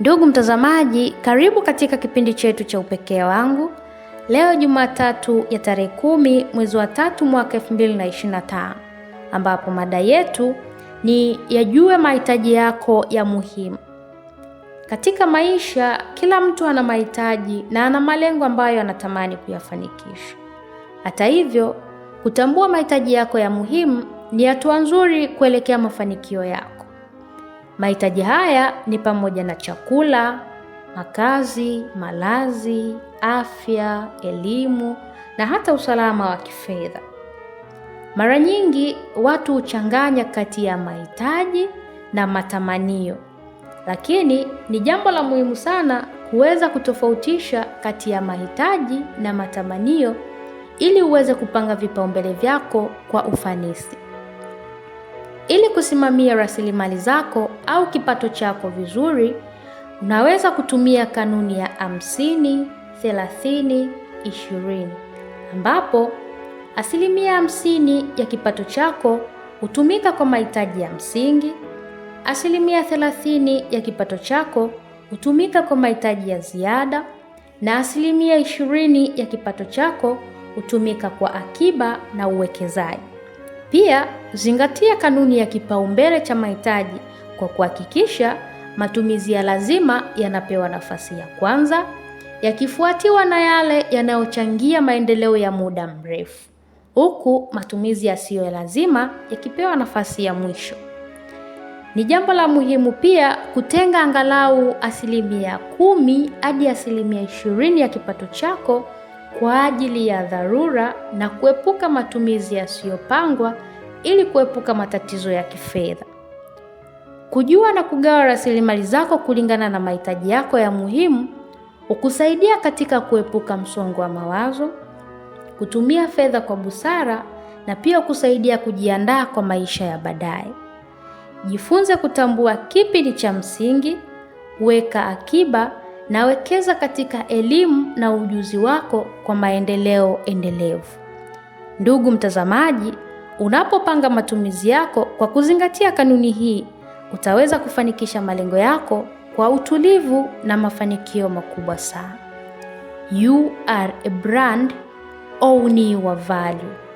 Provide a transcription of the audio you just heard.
Ndugu mtazamaji, karibu katika kipindi chetu cha upekee wangu leo Jumatatu ya tarehe kumi mwezi wa tatu mwaka elfu mbili na ishirini na tano ambapo mada yetu ni yajue mahitaji yako ya muhimu. Katika maisha kila mtu ana mahitaji na ana malengo ambayo anatamani kuyafanikisha. Hata hivyo, kutambua mahitaji yako ya muhimu ni hatua nzuri kuelekea mafanikio yako. Mahitaji haya ni pamoja na chakula, makazi, malazi, afya, elimu na hata usalama wa kifedha. Mara nyingi watu huchanganya kati ya mahitaji na matamanio, lakini ni jambo la muhimu sana kuweza kutofautisha kati ya mahitaji na matamanio ili uweze kupanga vipaumbele vyako kwa ufanisi kusimamia rasilimali zako au kipato chako vizuri, unaweza kutumia kanuni ya 50 30 20 ambapo asilimia hamsini ya kipato chako hutumika kwa mahitaji ya msingi, asilimia thelathini ya kipato chako hutumika kwa mahitaji ya ziada na asilimia ishirini ya kipato chako hutumika kwa akiba na uwekezaji. Pia zingatia kanuni ya kipaumbele cha mahitaji kwa kuhakikisha matumizi ya lazima yanapewa nafasi ya kwanza, yakifuatiwa na yale yanayochangia maendeleo ya muda mrefu, huku matumizi yasiyo ya lazima yakipewa nafasi ya mwisho. Ni jambo la muhimu pia kutenga angalau asilimia kumi hadi asilimia ishirini ya kipato chako kwa ajili ya dharura na kuepuka matumizi yasiyopangwa ili kuepuka matatizo ya kifedha. Kujua na kugawa rasilimali zako kulingana na mahitaji yako ya muhimu hukusaidia katika kuepuka msongo wa mawazo, kutumia fedha kwa busara na pia kusaidia kujiandaa kwa maisha ya baadaye. Jifunze kutambua kipi ni cha msingi, weka akiba nawekeza katika elimu na ujuzi wako kwa maendeleo endelevu. Ndugu mtazamaji, unapopanga matumizi yako kwa kuzingatia kanuni hii, utaweza kufanikisha malengo yako kwa utulivu na mafanikio makubwa sana. You are a brand, own your value.